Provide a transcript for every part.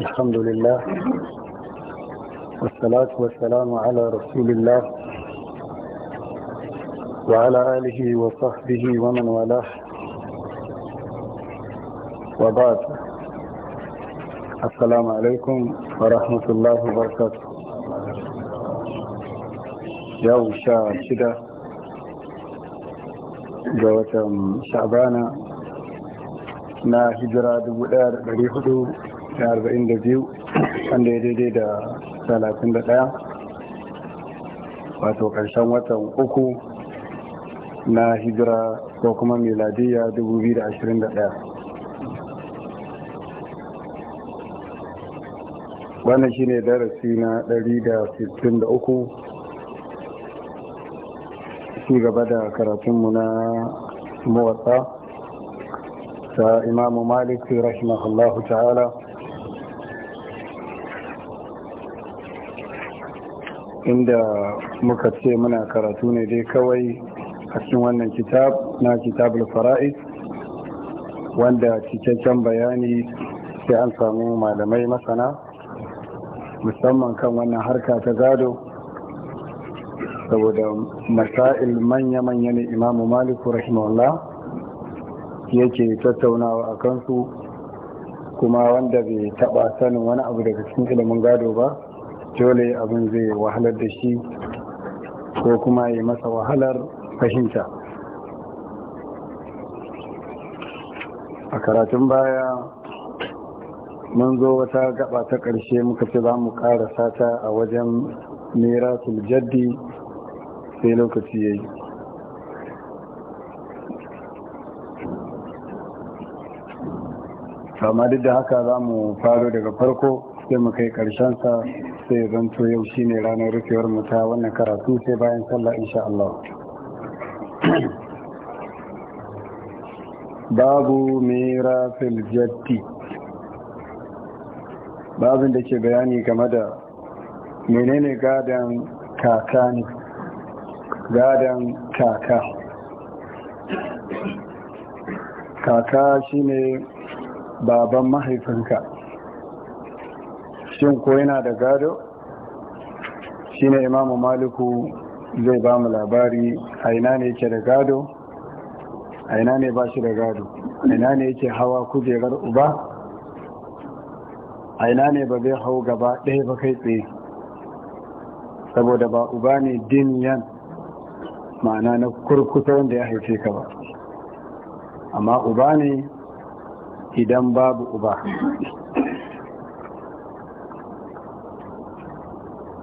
الحمد لله والصلاة والسلام على رسول الله وعلى آله وصحبه ومن والاه وبعد السلام عليكم ورحمة الله وبركاته يوم شدة جوة شعبانة هجرة دولار 1400 da arba'in da biyu wanda ya daidai da talatin da ɗaya wato ƙarshen watan uku na hijira ko kuma miladiyya 2021 wannan shine darasi na 163 su gaba da karatunmu na muwatsa ta imamu malik rahimahullahu ta'ala inda muka ce muna karatu ne dai kawai a cikin wannan kitab na al fara'id wanda cikakken bayani sai an samu malamai masana musamman kan wannan harka ta gado saboda masail manya-manya ne imamu maliku rahimahullah yake tattaunawa a kansu kuma wanda bai taba sanin wani abu daga cikin ilimin gado ba dole abin zai wahalar da shi ko kuma yi masa wahalar fahimta a karatun baya mun zo wata gaba ta ƙarshe muka ce za mu ƙara sata a wajen nera jaddi sai lokaci ya yi amma duk da haka za mu faru daga farko sai mu kai ƙarshen sa. sai ya zanto yau shine ranar rufewar mu ta wannan karatu sai bayan sallah insha Allah babu mera jatti babin da ke bayani game da menene gadon kaka ne gadon kaka kaka shine baban mahaifinka shin ko yana da gado shine imamu maliku zai ba mu labari a ina ne yake da gado a ina ne ba shi da gado a ina ne yake hawa kujerar uba a ina ne ba zai hau gaba ɗaya ba kai tsaye saboda ba uba ne diniyan ma'ana na kurkuta wanda ya haife ka ba amma uba ne idan babu uba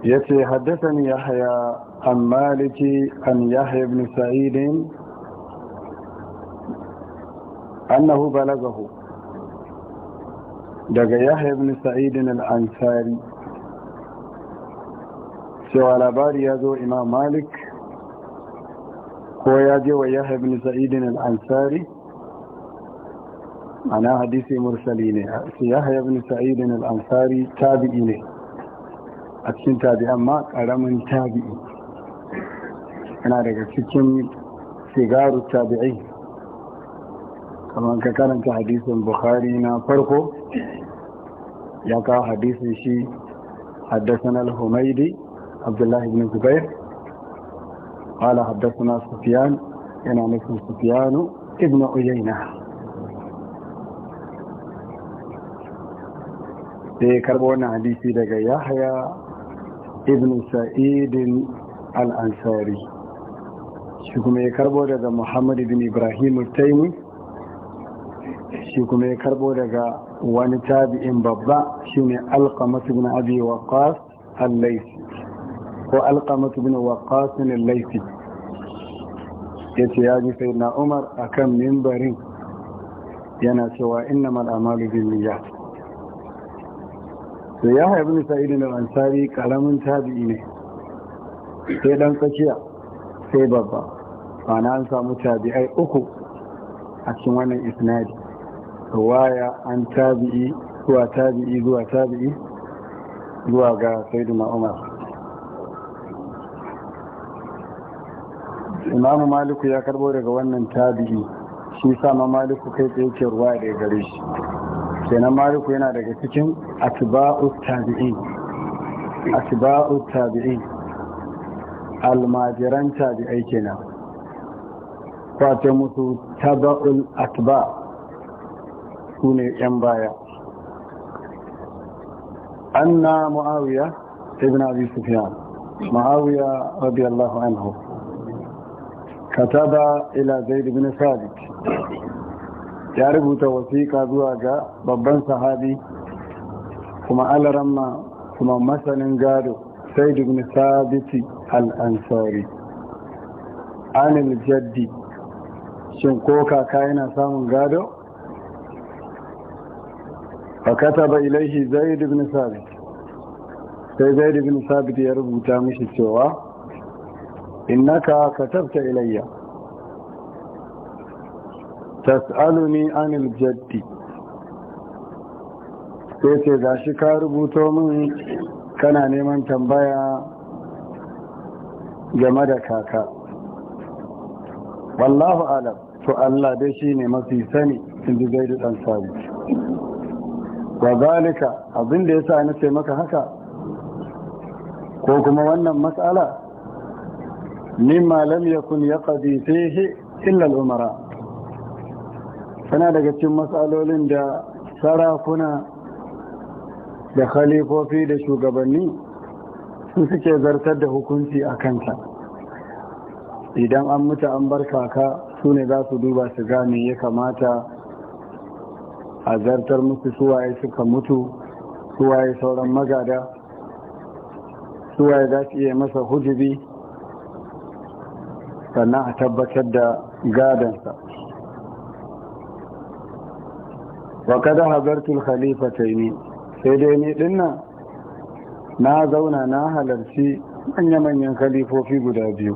يتي حدثني يحيى عن مالك عن يحيى بن سعيد أنه بلغه دقى يحيى بن سعيد الأنصاري سوى باري يدو إمام مالك هو يدو ويحيى بن سعيد الأنصاري أنا حديثي مرسليني يحيى بن سعيد الأنصاري تابعينه a cikin tabi ma karamin tabi'i yana daga cikin sigaru tabi'i kamar ka karanta hadisin bukhari na farko ya kawo hadisin shi haddasan al-humaidi abdullahi ibn zubair qala haddasan sufyan yana nufin sufyanu ibn uyayna sai karbo wannan hadisi daga yahaya ibn Sa'idin al-ansari shi kuma ya karbo daga muhammad ibn ibrahim taimi shi kuma ya karbo daga wani tabi'in babba shine alqamat ibn abi waqas al-laythi ko alqamat ibn waqas al-laythi yace ya ji na umar a kan mimbarin yana cewa innamal a'malu binniyat Sai ya haibu nisa idin ansari karamin tabi'i ne sai dan tsakiya sai babba ana an samu tabi'ai uku a cikin wannan isnadi waya an tabi'i zuwa tabi'i zuwa tabi'i zuwa ga sayyidina umar imamu maliku ya karbo daga wannan tabi'i shi sama maliku kai tsaye ruwa da gare shi kenan maliku yana daga cikin atba'u tabi'in atba'u tabi'in almajiran tabi'ai kenan kwace musu taba'ul atiba su ne yan baya anna muawiya ibn abi sufyan muawiya radiyallahu anhu kataba ila zaid ibn sabit ya rubuta wasiƙa zuwa ga babban sahabi kuma alaramma kuma masanin gado sai dubni sabiti al'ansari anil jaddi shin ko kaka yana samun gado fakata ba ilaihi zai dubni sabiti, sai zai dubni sabiti ya rubuta mishi cewa innaka tafta ilayya tas'aluni anil jaddi sai ce ga shi ka rubuto min kana neman tambaya game da kaka wallahu alam to Allah dai shi ne mafi sani in ji zai ɗan sabi wa zalika abin da ya sa na ce maka haka ko kuma wannan matsala mimma lam yakun yaqdi fihi illa al-umara tana daga cikin matsalolin da sarakuna da khalifofi da shugabanni su suke zartar da hukunci a kanta idan an mutu an bar kaka su ne za su duba su gane ya kamata a zartar musu suwaye suka mutu suwaye sauran magada suwaye za su iya masa hujubi sannan a tabbatar da gadansa wa kada habartul khalifataini sai dai ni dinnan na zauna na halarci manya-manyan khalifofi guda biyu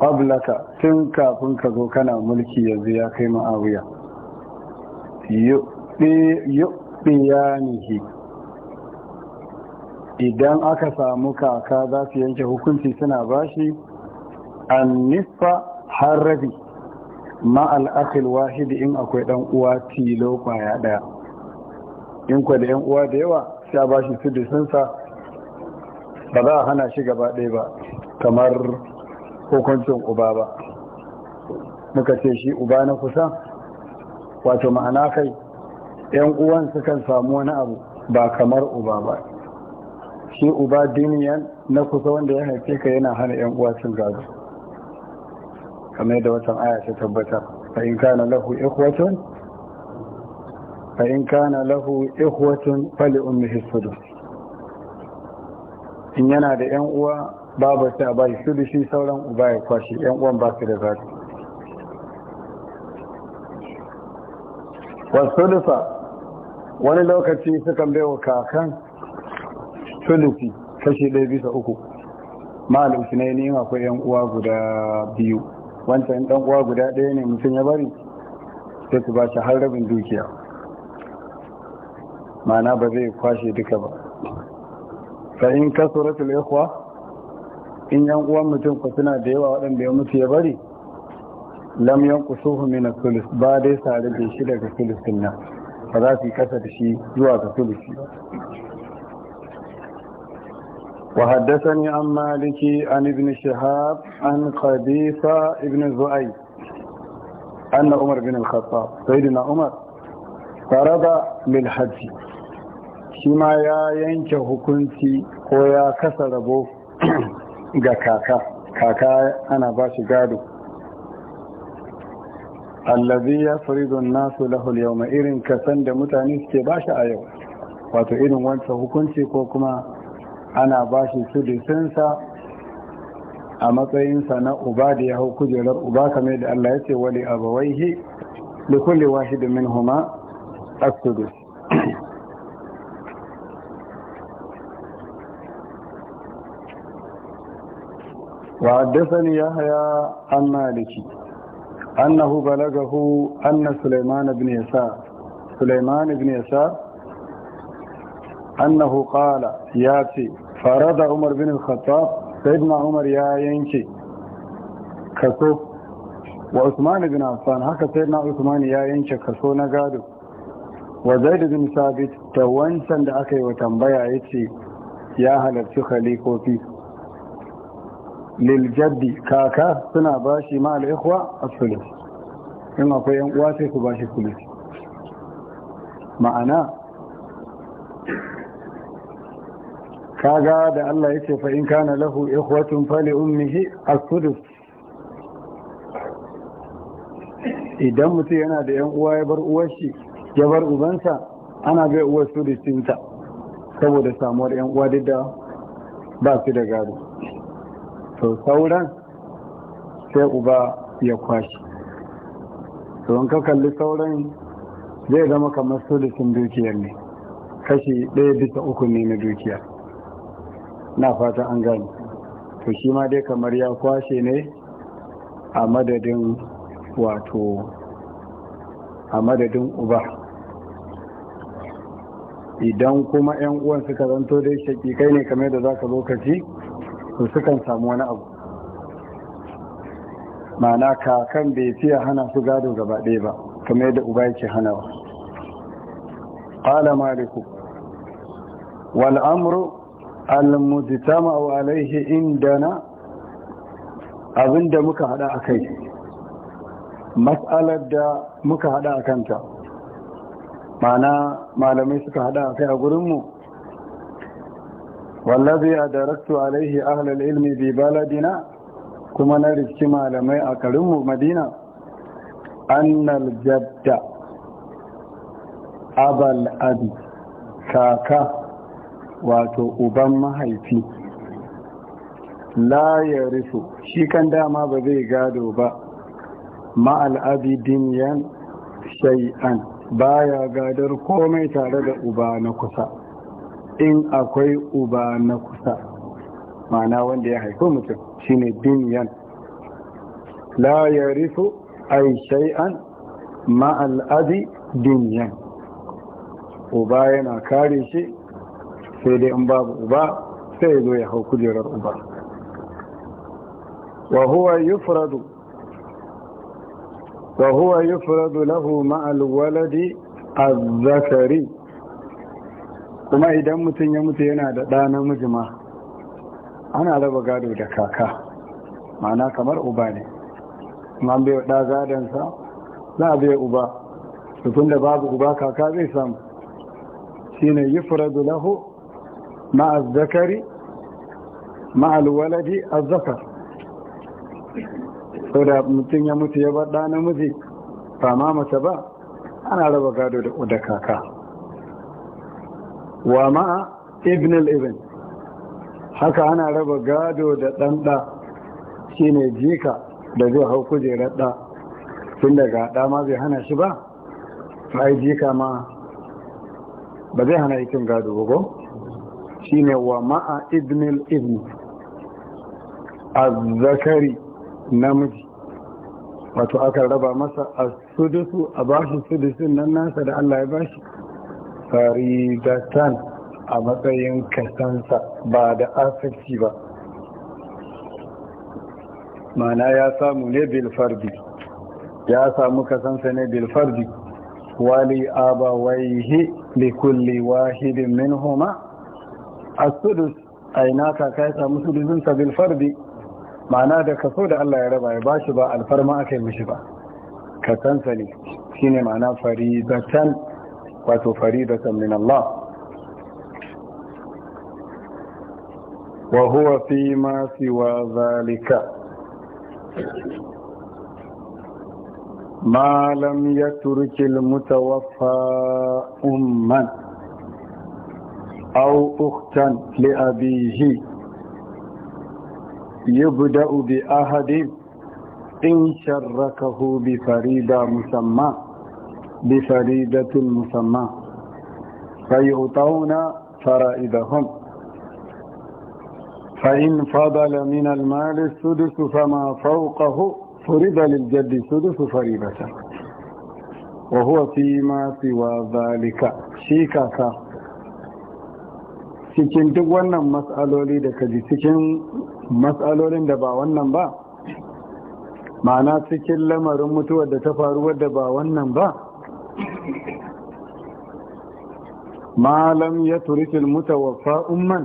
qablaka tun kafin ka zo kana mulki yanzu ya kai ma'awiya yuɓiyanihi idan aka samu kaka za su yanke hukunci suna bashi an nifa har rabi ma'al akil wahidi in akwai dan uwa tilo kwaya daya in kwa da yan uwa da yawa sai ba shi sudusinsa ba za a hana shi gaba ɗaya ba kamar hukuncin uba ba muka ce shi uba na kusa wato ma'ana kai yan uwan sukan samu wani abu ba kamar uba ba shi uba duniyan na kusa wanda ya haife ka yana hana yan uwa cin gado kamar da watan aya ta tabbata, fa’in in kana lahu ikhwatun fa’in kana lahu ikhwatun fali ummihi sudus in yana da yan uwa babu sai a bai shi sauran uba ya kwashi yan uwan ba su da zaki wasudusa wani lokaci sukan wa kakan sulusi kashi ɗaya bisa uku ma'al usnaini akwai yan uwa guda biyu wancan ɗan uwa guda ɗaya ne mutum ya bari sai su ba shi har rabin dukiya ma'ana ba zai kwashe duka ba fa in kasuratul ikhwa in yan uwan mutum ku suna da yawa waɗanda ya mutu ya bari lam yanqusuhu min mina sulis ba dai sare da shi daga sulusin nan ba za su yi kasa da shi zuwa ga ba وحدثني عن مالك عن ابن شهاب عن قبيصة ابن زؤيد أن عمر بن الخطاب سيدنا عمر فرض للحج شما يا ينك حكمتي ويا كسر بو ga kaka kaka ana ba shi gado allazi ya faridun nasu lahul yau irin kasan da mutane suke ba shi a yau wato irin wancan hukunci ko kuma ana ba shi sudusinsa a matsayinsa na uba da ya hau kujerar uba kamar da Allah ya ce wali abawaihi da kulle wahidin min huma a sudus وحدثني يحيى عن مالك أنه بلغه أن سليمان بن يسار سليمان بن يسار annahu qala ya ce farada umar bin al-khattab na umar ya yanke kaso wa usman bin affan haka sayyidina usman ya yanke kaso na gado wa zaid bin sabit da wancan da aka yi wa tambaya yace ya halarci khalifofi lil jaddi kaka suna bashi ma al-ikhwa as-sulus in akwai yan uwa sai ku bashi sulus ma'ana kaga da Allah ya fa in kana lahu ikhwatun fali ummihi a sudus idan mutum yana da yan uwa ya bar uwar shi ya bar ubansa ana bai uwar sudistinta saboda samuwar yan uwa duk da ba su da gado to sauran sai uba ya kwashi to in ka kalli sauran zai zama kamar sudistin dukiyar ne kashi ɗaya bisa uku ne na dukiyar na fata an gani to shi ma dai kamar ya kwashe ne a madadin wato a madadin uba idan kuma 'yan uwan suka zanto dai shaki kai ne kamar da za ka zo ka ci to sukan samu wani abu mana kakan bai fiye hana su gado gaba ɗaya ba kamar da uba yake hana ba ƙala maliku wal'amuru المجتمع عليه عندنا abinda muka hada akai mas'alar da muka hada akanta mana malamai suka hada akai a gurinmu wallazi adaraktu alaihi ahlal ilmi bi baladina kuma na riski malamai a garinmu madina annal jadda abal abi kaka wato uban mahaifi la ya rufu shi kan dama ba zai gado ba ma'al'abidin yan shay'an ya gadar komai tare da uba na kusa in akwai uba na kusa mana wanda ya haifo mutum shine binyan la ya rufu ai shay'an ma'al'adi binyan uba yana kare shi sai dai in babu uba sai zo ya hau kujerar uba wa huwa yufradu wa huwa lahu zakari kuma idan mutum ya mutu yana da ɗa namiji mijima. ana raba gado da kaka ma'ana kamar uba ne ma bai ɗa gadonsa za a bai uba tukun da babu uba kaka zai samu Shi shine yufradu lahu مع الذكر مع الولد الذكر saboda mutum ya mutu ya bar ɗa namiji ba ma mace ba ana raba gado da kaka wa ma ibn al-ibn haka ana raba gado da ɗan ɗa shine jika da zai hau kujerar ɗa tun daga ɗa ma zai hana shi ba ai jika ma ba zai hana yakin gado ba ko shine wa ma'a izni A Zakari namiji wato aka raba masa a sudusu a bashi sudusun nan nasa da Allah ya bashi faridatan a matsayin kasansa ba da asirci ba mana ya samu ne bilfardi ya samu kasansa ne bilfardi wali abawaihi likulli wahidin min homa السدس أي ناكا كايسا مسلسل سبيل فردي معنى ده كسود الله يا ربا يباشبا الفرما أكي مشبا كتنسني شيني معنى فريدة واتو فريدة من الله وهو فيما سوى ذلك ما لم يترك المتوفى أمّا أو أختا لأبيه يبدأ بأحد إن شركه بفريدة مسمى بفريدة مسمى فيغطون فرائدهم فإن فضل من المال السدس فما فوقه فرد للجد سدس فريدة وهو فيما سوى ذلك شيكاكا cikin duk wannan matsaloli da kaji cikin matsalolin da ba wannan ba ma'ana cikin lamarin mutuwar da ta faru wadda ba wannan ba malam ya turikin mutawafa umman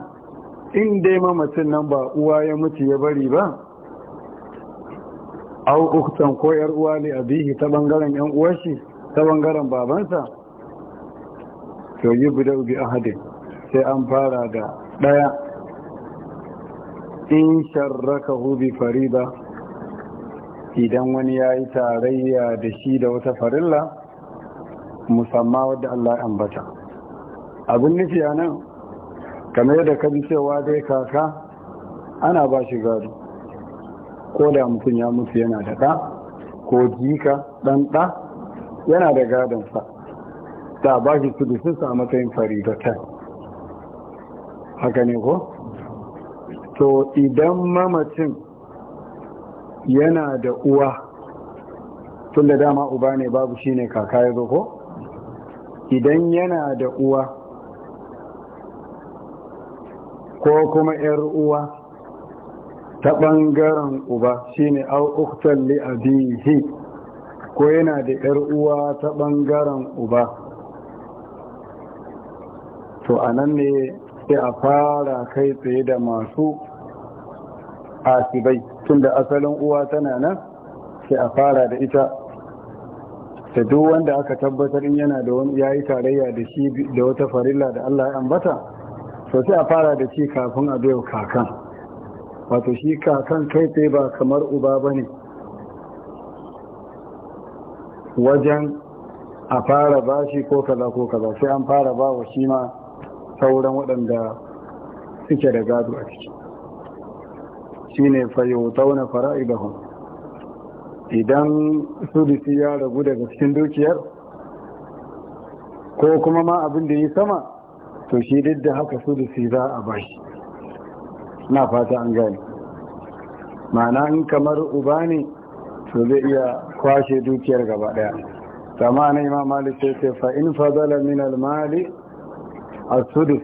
in dai mamacin nan ba uwa ya mutu ya bari ba au uktan ko yar uwa ne a bihi ta bangaren yan uwashi ta bangaren babansa to yi guda bi ahadin sai an fara da ɗaya in sharraka hubi farida idan wani ya yi tarayya da shi da wata farilla musamman wadda Allah ya ambata abin nufi a nan kamar yadda kabi cewa dai kaka ana ba shi gado ko da mutum ya mutu yana da ɗa ko jika ɗan ɗa yana da gadonsa ta ba shi su a matsayin faridatar haka ne ko to idan mamacin yana da uwa tun da dama uba ne babu shine kaka ya ko idan yana da uwa ko kuma 'yar uwa ta ɓangaren uba shine au'uktan li'abihi ko yana da 'yar uwa ta ɓangaren uba to a nan ne sai a fara kai tsaye da masu asibai tun da asalin uwa tana nan sai a fara da ita da duk wanda aka tabbatar in yana da wani yayi tarayya da shi da wata farilla da Allah ya ambata so sai a fara da shi kafin a biyo kakan wato shi kakan kai tsaye ba kamar uba bane wajen a fara bashi ko kaza ko kaza sai an fara ba wa shi ma sauran waɗanda suke da gado a ciki shi ne da hun idan sudisi ya ragu daga cikin dukiyar ko kuma ma abin da yi sama to shi duk da haka sudisi za a bashi na fata an gani mana in kamar uba ne to zai iya kwashe dukiyar gaba daya zama na imam malik sai ce fa in min al-mali a sudus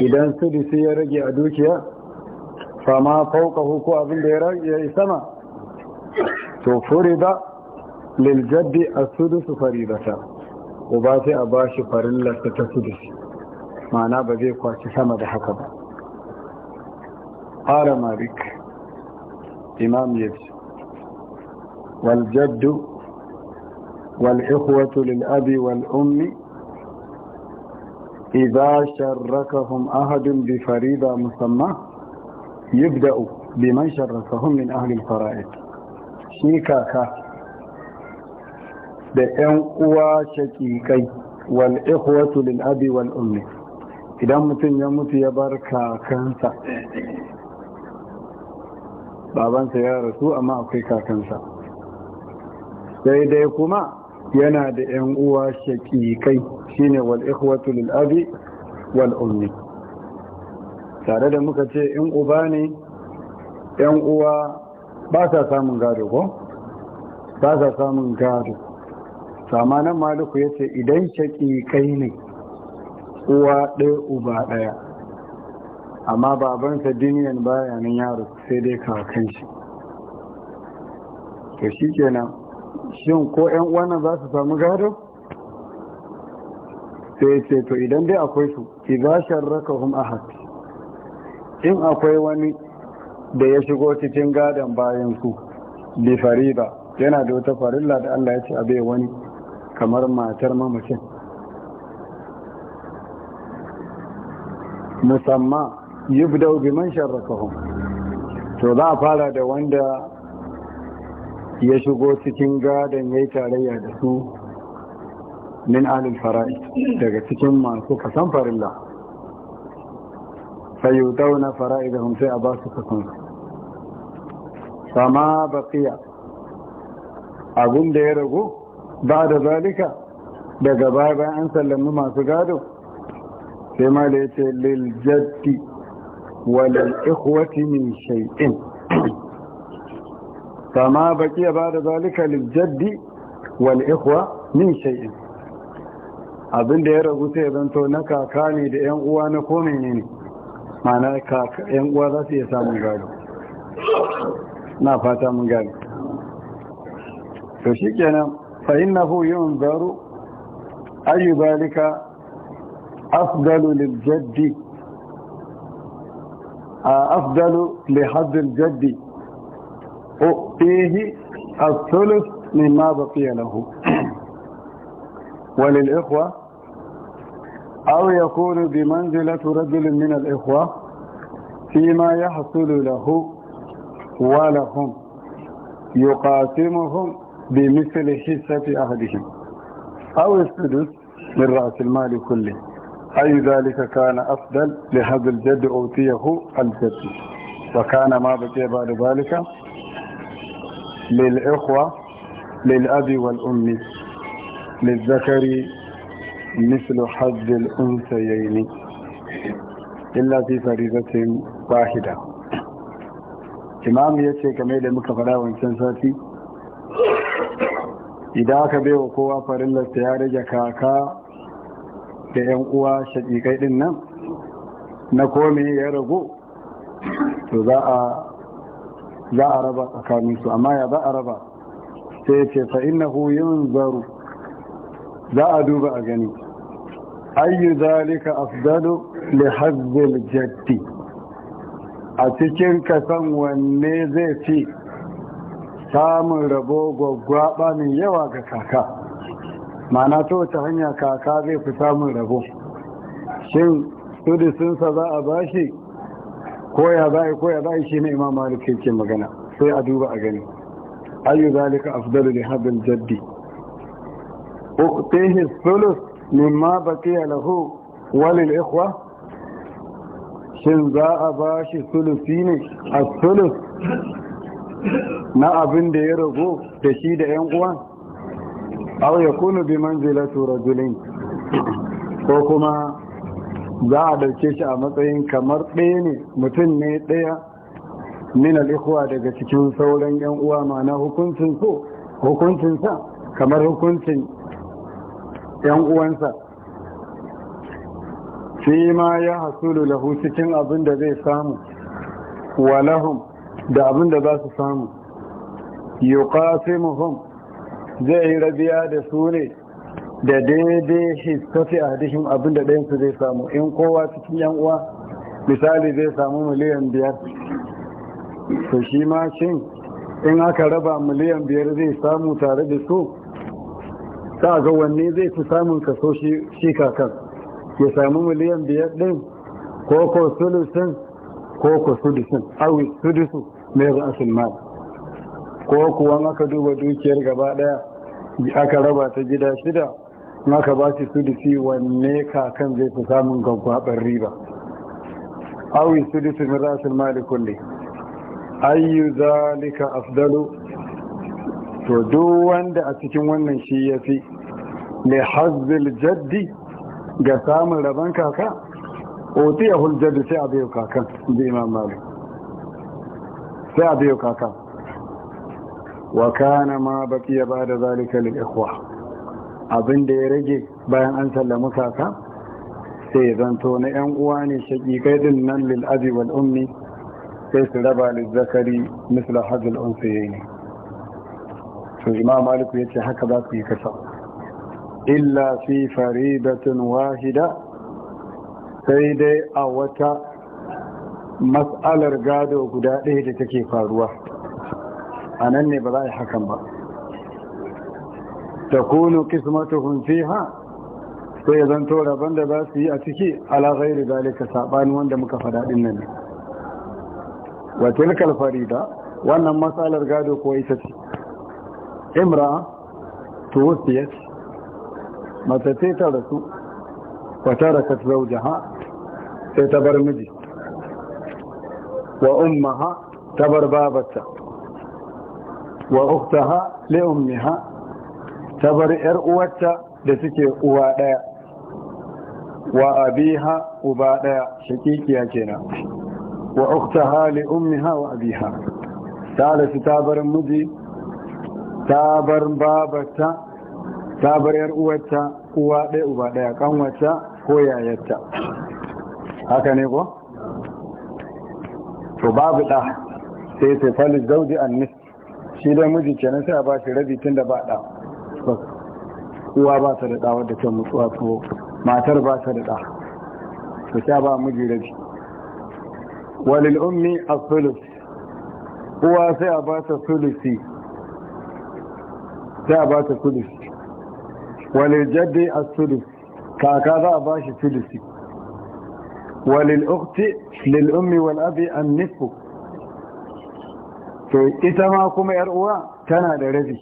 idan sudusi ya rage a dukiya fama fauka huku abin da ya rage sama to furida liljaddi a ta, faridata uba sai a ba shi farillarsa ta sudusi mana ba zai kwaci sama da haka ba ƙara marik imam ya ce waljaddu والإخوة lil'abi wal'ummi إذا شركهم أحد بفريضة مسمى يبدأ بمن شركهم من أهل الفرائض شيكاكا da ‘yan uwa shakikai wal ikhwatu lil abi wal idan mutum ya mutu ya bar kakansa babansa ya rasu amma akwai kakansa sai kuma yana da yan uwa shaƙiƙai shine wal ikhwatu lil abi wal ummi tare da muka ce in uba ne yan uwa ba sa samun gado ko ba sa samun gado samanan maliku ya ce idan shaƙiƙai ne uwa ɗaya uba ɗaya amma babansa duniyan baya nan yaro sai dai kakan shi shi kenan shin ko 'yan wannan za su samu gado sai ce to idan dai akwai su ki ba sharraka hum ahad in akwai wani da ya shigo cikin gadon bayan su bi yana da wata farilla da Allah ya ce a bai wani kamar matar mamacin musamman yubdau bi man sharrakahum to za a fara da wanda ya shigo cikin gadon ya yi tarayya da su min alil fara'i daga cikin masu kasan farilla fayyutau dauna fara'i da sai a ba su kasan sama baƙiya abin da ya ragu ba da zalika daga baya bayan an sallami masu gado sai ma da ya ce liljatti walal ikwati min shai'in فما بقي بعد ذلك للجد والإخوة من شيء abin da ya ragu sai zanto na kaka ne da 'yan uwa na kome ne ne mana kaka 'yan uwa za su iya samun gado na fata mun gado to shi kenan fa'in na yin zaro ayyu zalika afdalu liljaddi a afdalu lihazin jaddi أؤتيه الثلث مما بقي له وللإخوة أو يكون بمنزلة رجل من الإخوة فيما يحصل له ولهم يقاسمهم بمثل حصة أهلهم أو السدس من رأس المال كله أي ذلك كان أفضل لهذا الجد أوتيه الجد وكان ما بقي بعد ذلك للإخوة للأب والأم للذكر مثل حظ الأنثيين إلا في فريضة واحدة imam ya ce game da muka faɗa wancan sati idan aka baiwa kowa farillasta ya rage kaka da 'yan uwa shaƙiƙai ɗin nan na kome ya ragu to za a za a raba tsakanin su amma ya za a raba sai ya ce fa'inahu yin zaru za a duba a gani ayyu zalika afdalu li hazzil jaddi a cikin kasan wanne zai fi samun rabo gwaggwaba mai yawa ga kaka mana ta wace hanya kaka zai fi samun rabo shin sa za a bashi koya za a koya za a shi na imam malik yake magana sai a duba a gani ayu zalika afdalu li hadal jaddi uqtihi thuluth mimma baqiya lahu wa lil ikhwa shin za a ba shi thuluthi ne as-thuluth na abin da ya rago da shi da yan uwa aw yakunu bi manzilati rajulin ko kuma za a ɗauke shi a matsayin kamar ɗaya ne mutum ne ɗaya min al'ikuwa daga cikin sauran 'yan uwa mana hukuncin so hukuncin sa kamar hukuncin 'yan uwansa shi ma ya hasulu lahu cikin abin da zai samu walahum da abin da za su samu yuqasimuhum zai yi rabiya da sune. da daidai hiskati a hadishin abinda da ɗayansu zai samu in kowa cikin yan uwa misali zai samu miliyan biyar to shi ma shin in aka raba miliyan biyar zai samu tare da su ta ga wanne zai fi samun kaso shi kakan ya samu miliyan biyar ɗin ko ko sulusin ko ko sudusin awi sudusu mai ra'asin mal ko kuwa aka duba dukiyar gaba ɗaya aka raba ta gida shida Na ka ba shi su dufi wanne kakan zai fi samun gaggwabar riba awi sudusi min rasul mali kulli ayyu zalika afdalu to duk wanda a cikin wannan shi ya fi. li hazzil jaddi ga samun rabon kaka hul jaddi sai a biyo kakan zai imam malik sai a biyo kakan wa kana ma ya ba da zalika lil ikhwah abin da ya rage bayan an sallama kaka sai ya zanto na 'yan uwa ne shaƙi gaidin nan abi wal ummi sai su raba zakari misla hajjul unsiyayi ne to imam maliku ya ce haka za su yi kasa illa fi faridatin wahida sai dai a wata mas'alar gado guda ɗaya da take faruwa a nan ne ba za a yi hakan ba takunu qismatuhum fiha sai zan to rabon da za su yi a ciki ala ghairi zalika sabani wanda muka fada din nan wa tilkal farida wannan matsalar gado ko ita ce imra tuwfiyat mata ce ta rasu wa tarakat zawjaha sai ta bar miji wa ummaha ta bar babarta wa ukhtaha li ummiha ta bar ‘yar uwarta da suke uwa ɗaya wa abiha uba ɗaya shakikiya kenan wa uktaha li ummiha wa abiha ta ta bar muji ta bar babata ta bar ‘yar uwarta uwa ɗaya uba ɗaya kanwata ko yayarta haka ne ko? to babu ɗa sai sai falis zauji annis shi dai muji kenan sai a ba shi rabi tun da ba ɗa tabbas uwa ba ta daɗa wadda ta mutuwa wato matar ba ta daɗa. ɗa ta sha ba miji rabi walil ummi a sulus uwa sai a ba ta sulusi sai a ba ta sulusi walil jaddi a sulus kaka za a ba shi sulusi walil ukti lil ummi wal abi an nifu to ita ma kuma yar uwa tana da rabi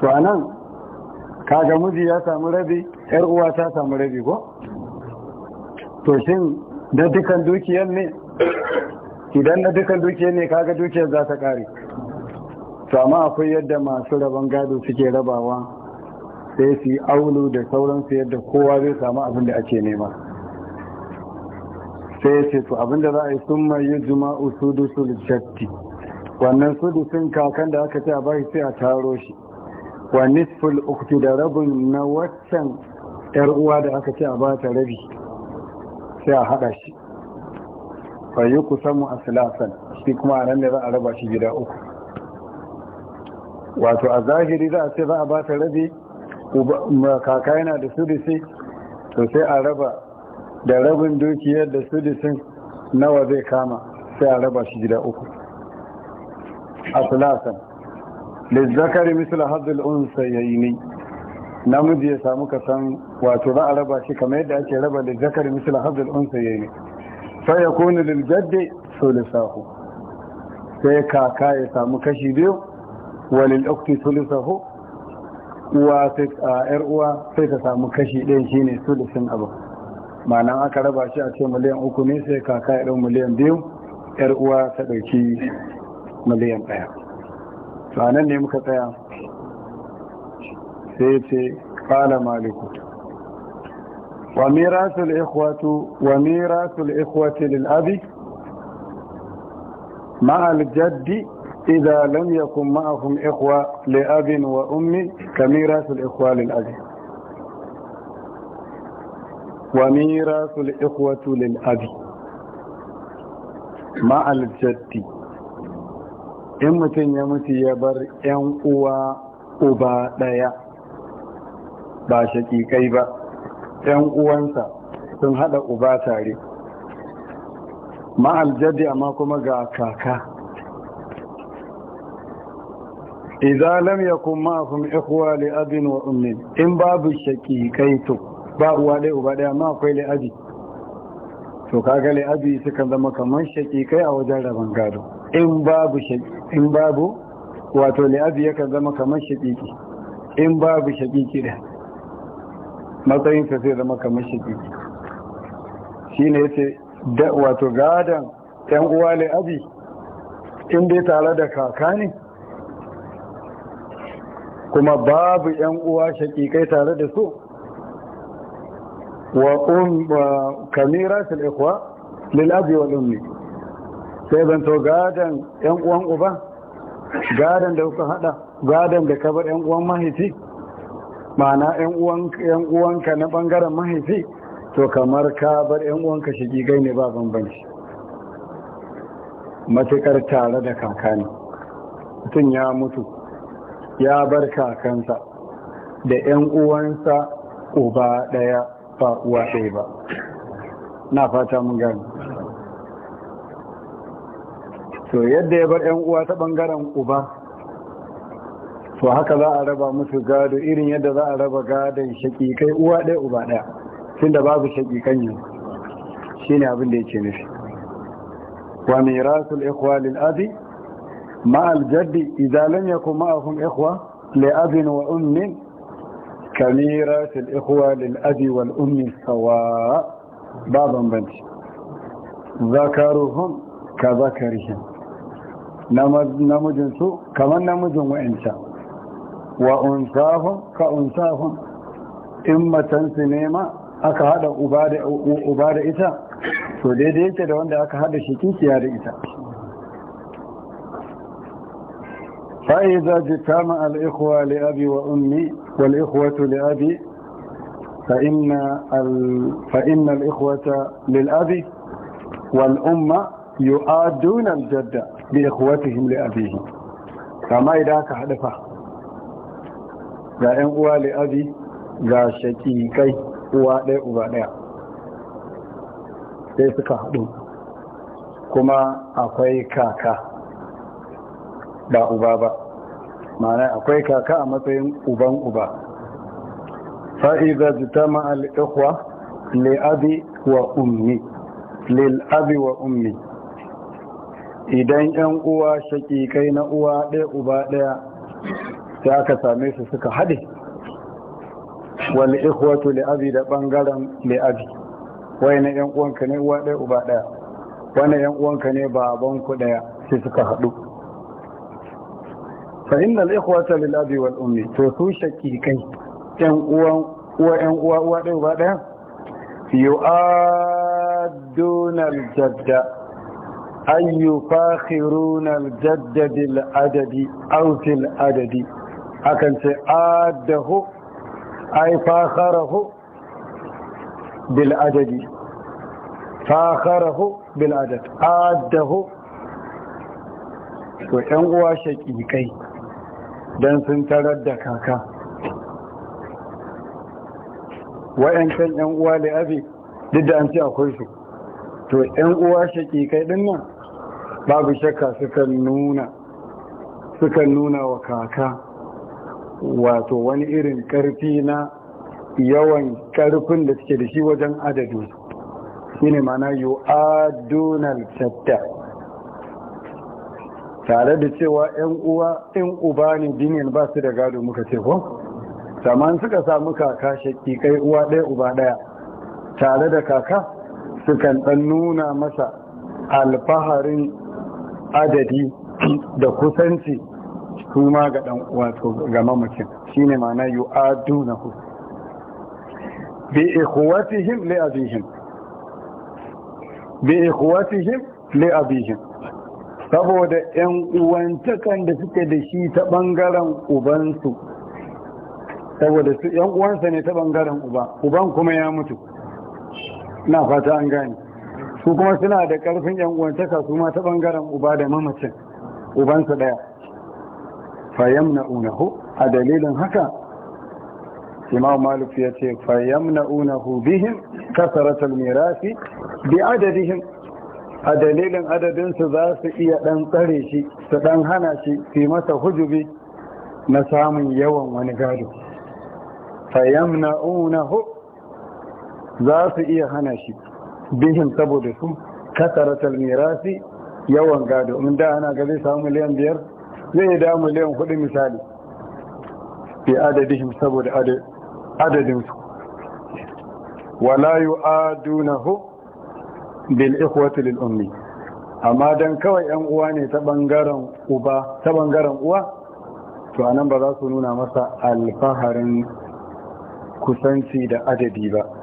to anan kaga miji ya samu rabi yar uwa ta samu rabi ko to shin da dukan dukiyar ne idan na dukan dukiyar ne kaga dukiyar za ta kare to amma akwai yadda masu rabon gado suke rabawa sai su yi aulu da sauransu yadda kowa zai samu abin da ake nema sai ya ce to abin da za a yi sun mai juma'u sudusul su wannan sun kakan da aka ce a bashi sai a taro shi wa nisful ukti da rabin na waccan yar uwa da aka ce a ba ta rabi sai a hada shi fa yi samu a silasan shi kuma a nan ne za a raba shi gida uku wato a zahiri za a ce za a ba ta rabi kaka yana da sudisi to sai a raba da rabin dukiyar da sudisin nawa zai kama sai a raba shi gida uku a silasan lizzakari misal hadil unsayaini namiji ya samu kasan wato za a raba shi kamar yadda ake raba lizzakari ya hadil unsayaini sai ya kone liljaddi sulisahu sai kaka ya samu kashi biyu walil ukti sulisahu uwa sai a yar uwa sai ta samu kashi ɗaya shine sulisin abu ma'ana aka raba shi a ce miliyan uku ne sai kaka ya ɗau miliyan biyu yar uwa ta ɗauki miliyan ɗaya sanan ne muka tsaya sai ce kala maliku wa mirasul ikhwatu wa mirasul ikhwati lil abi مع الجد إذا لم يكن معهم إخوة لأب وأم كميراث الإخوة للأب وميراث الإخوة للأب مع الجد in mutum ya mutu ya bar 'yan uwa uba ɗaya ba shaƙiƙai ba 'yan uwansa sun haɗa uba tare ma'aljadi amma kuma ga kaka idan lam yakun ma'ahum ikhwa li abin wa ummin in babu kai to ba uwa dai uba ɗaya ma akwai li abi to kaga li abi sukan zama kamar kai a wajen rabon gado in babu in babu wato li'abi yakan zama kamar shaƙiƙi in babu shaƙiƙi da matsayinsa sai zama kamar shaƙiƙi shi ne ya ce wato gadon ‘yan uwa li'abi in dai tare da kaka ne kuma babu ‘yan uwa shaƙiƙai tare da su wa um, kamira su da kuwa li'abi wa ne sai zanto gadon yan uwan uba gadon da kuka hada gadon da kabar yan uwan mahaifi ma'ana yan uwan yan na ɓangaren mahaifi to kamar ka bar yan uwanka shigi gai ne ba bambanci matukar tare da kankani mutum ya mutu ya bar kakansa da yan uwansa uba daya ba uwa ɗaya ba na fata mun gani to yadda ya bar 'yan uwa ta ɓangaren uba to haka za a raba musu gado irin yadda za a raba gadon shakikai uwa ɗaya uba ɗaya sun da babu shakikan yanzu shi ne abin da ce nufi wa mirasul ikhwa lil abi ma al jaddi idza lam yakun ma'ahum ikhwa li abin wa ummin ka mirasul ikhwa lil abi wal ummi sawa ba bambanci zakaruhum ka zakarihim namijinsu kamar namijin wa'insa wa unsahun ka unsahun in matansu nema aka hada uba da ita to daidai yake da wanda aka hada shi kikiya da ita فإذا جتام الإخوة لأبي وأمي والإخوة لأبي فإن, ال... فإن الإخوة للأبي والأمة يؤادون الجدة bi ikhwatihim li abihi kama idan aka hada fa ga 'yan uwa li abi ga kai uwa ɗaya uba ɗaya sai suka haɗu kuma akwai kaka ba uba ba mana akwai kaka a matsayin uban uba fa'iza ma’al’ikwa al'ikwa li'abi wa ummi abi wa ummi idan yan uwa kai na uwa ɗaya uba ɗaya sai aka same su suka haɗe wani ikwato li abi da ɓangaren li abi na yan uwanka ne uwa ɗaya uba ɗaya wani yan uwanka ne baban ku ɗaya sai suka haɗu fa da ikwato lil abi wal ummi to su shaƙiƙai yan uwa yan uwa uwa ɗaya uba ɗaya yu'adduna al jadda أن يفاخرون الجد بالعدد أو في العدد أكن سعاده أي فاخره بالعدد فاخره بالعدد عاده وإن هو شكيكي dan sun tarar da kaka wa'yancan 'yan uwa da duk da an akwai su to 'yan uwa shaƙiƙai ɗinnan. nan babu shakka sukan nuna sukan nuna wa kaka wato wani irin karfi na yawan karfin da suke da shi wajen adadin shine mana yu'adunal shatta tare da cewa yan uwa uba ne dinin ba su da gado muka ce ko saman suka samu kaka shakki kai uwa ɗaya uba ɗaya tare da kaka sukan ɗan nuna masa alfaharin adadi da kusanci su ma ga dan wato ga mamakin shine ma'ana yu'adunahu bi ikhwatihim li abihim bi ikhwatihim li abihim saboda ‘yan uwantakan da suke da shi ta ɓangaren ubansu saboda su ‘yan uwansa ne ta ɓangaren uba uban kuma ya mutu na fata an gani su kuma suna da karfin yan uwantaka su ma ta bangaren uba da mamacin ubansa daya na unahu a dalilin haka imam malik ya ce na unahu bihin kasaratul mirafi bi adadihin a dalilin adadinsu za su iya dan tsare shi su dan hana shi fi masa hujubi na samun yawan wani gado na unahu za su iya hana shi bihin saboda su kasaratar mirasi yawan gado in da ana ga zai samu miliyan biyar zai da miliyan hudu misali fi adadihim saboda adadinsu wala yu'adunahu bil ikhwati lil ummi amma dan kawai yan uwa ne ta bangaren ta bangaren uwa to anan ba za su nuna masa alfaharin kusanci da adadi ba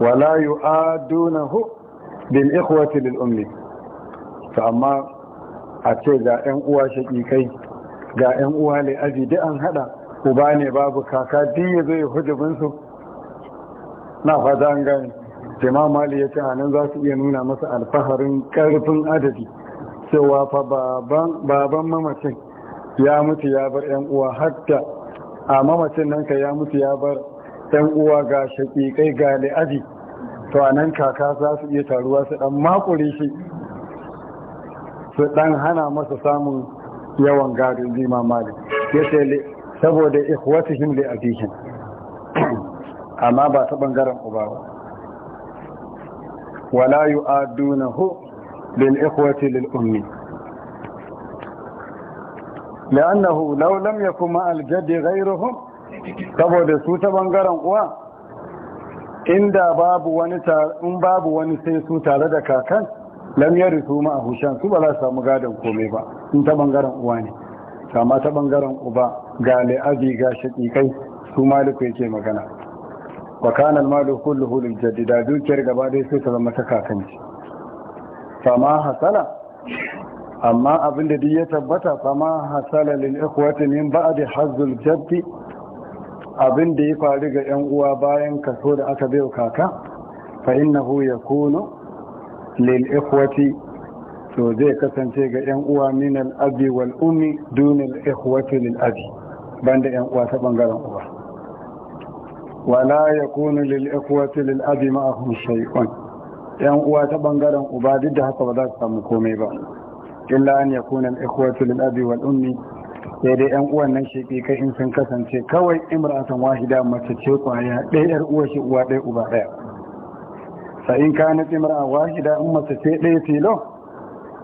wala yu'adunahu bil ikhwati lil ummi to amma a ce ga ƴan uwa shaƙiƙai ga ƴan uwa lai aji an haɗa uba ne babu kaka duk ya zo ya hujubin an gane imam mali ya ce anan za su iya nuna masa alfaharin karfin adadi cewa fa baban mamacin ya mutu ya bar yan uwa hatta a mamacin nan ka ya mutu ya bar ɗan uwa ga shaƙiƙai ga aji, to a nan kaka za su iya taruwa su ɗan makure shi su ɗan hana masa samun yawan gado zima mali ya ce saboda ikhwatihim li abihim amma ba ta ɓangaren uba ba wala yu'adunahu lil ikhwati lil ummi لأنه لو لم يكن مع الجد غيرهم saboda su ta bangaren uwa inda babu wani in babu wani sai su tare da kakan lamiyar su ma su ba za samu gadon komai ba in ta bangaren uwa ne kama ta bangaren uba ga la'abi ga shaqiqai su maliku yake magana wa kanan al luhulun jadida dukiyar gaba dai sai ta zama ta kakanci Sama hasala amma abinda da duk ya tabbata fama hasala lil ikhwati min ba'di hazzul jaddi abin da ya faru ga ‘yan uwa bayan kaso da aka bai kaka fa hu ya kuno lil ikhwati to zai kasance ga ‘yan uwa min al'abi wal ummi dunil ikhwati lil abi banda ‘yan uwa ta bangaren uwa wala ya kuno lil ikhwati lil abi ma'ahum shay'un ‘yan uwa ta bangaren uba duk da haka ba za su samu komai ba illa an ya al ikhwati lil abi wal ummi sai dai yan uwan nan shi kai in sun kasance kawai imra'atan wahida mace ce kwaya ɗaya yar uwa shi uwa ɗaya uba ɗaya Sai in a imra'a wahida in mace ce ɗaya tilo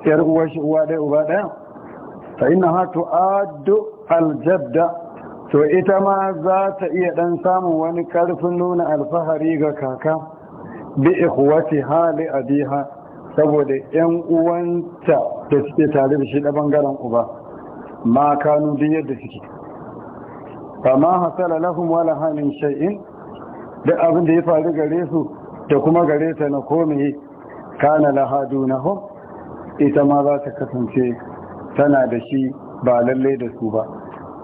yar uwa shi uwa ɗaya uba ɗaya Sai innaha tu'addu al Aljadda to ita ma za ta iya ɗan samun wani ƙarfin nuna alfahari ga kaka bi ikhwati hali abiha saboda yan uwanta da suke tare da shi da bangaren uba ma kanu din yadda suke fa ma hasala lahum wala hanin shay'in duk abin da ya faru gare su da kuma gare ta na komai kana laha dunahum ita ma za ta kasance tana da shi ba lalle da su ba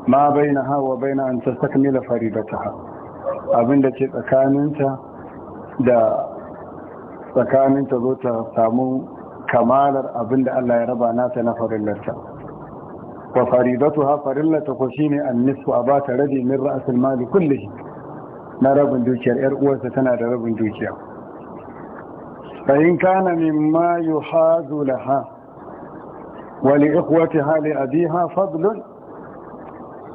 ma baina hawa baina an tastakmila faridataha abin da ke tsakaninta da tsakaninta zo ta samu kamalar abin da Allah ya raba nata na farillarta وفريضتها فرلة خشيني النصف أباك رجي من رأس المال كله ما رب جوجيا الأرقوة ستنا رب جوجيا فإن كان مما يحاز لها ولإخوتها لأبيها فضل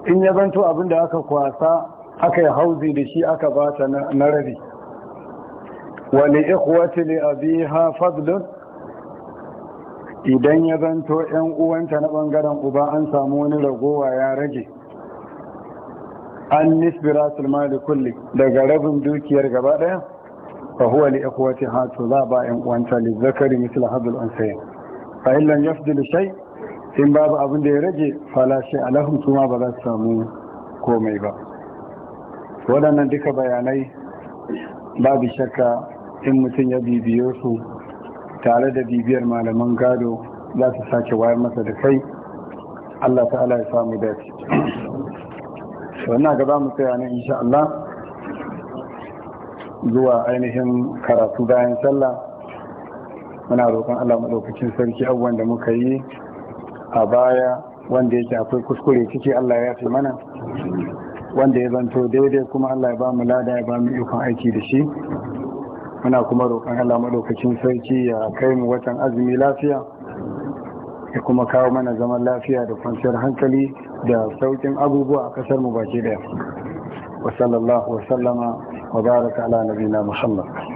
إن يبنت أبند أكا قواسا أكا يحوزي لشي أكا بات نردي ولإخوة لأبيها فضل idan ya zanto 'yan uwanta na bangaren uba an samu wani ragowa ya rage an nisbira sulmali kulli daga rabin dukiyar gaba ɗaya fa huwa li ikwati hatu za ba 'yan uwanta li zakari misal hadul unsay fa illan yafdil shay in babu abin da ya rage fala shi alahum kuma ba za su samu komai ba waɗannan duka bayanai babu shakka in mutum ya bibiyo su tare da bibiyar malaman gado za su sake wayar masa da kai Allah ta'ala ya samu dace wannan gaba mu tsaya nan insha Allah zuwa ainihin karatu bayan sallah muna roƙon Allah maɗaukacin sarki abuwan da muka yi a baya wanda yake akwai kuskure ciki Allah ya fi mana wanda ya zanto daidai kuma Allah ya ba mu lada ya ba mu ikon aiki da shi muna kuma roƙon Allah maɗaukacin sarki ya kai mu watan azumi lafiya ya kuma kawo mana zaman lafiya da kwanciyar hankali da sauƙin abubuwa a ƙasar mu baki ɗaya wa sallallahu wa sallama wa baraka ala nabina muhammad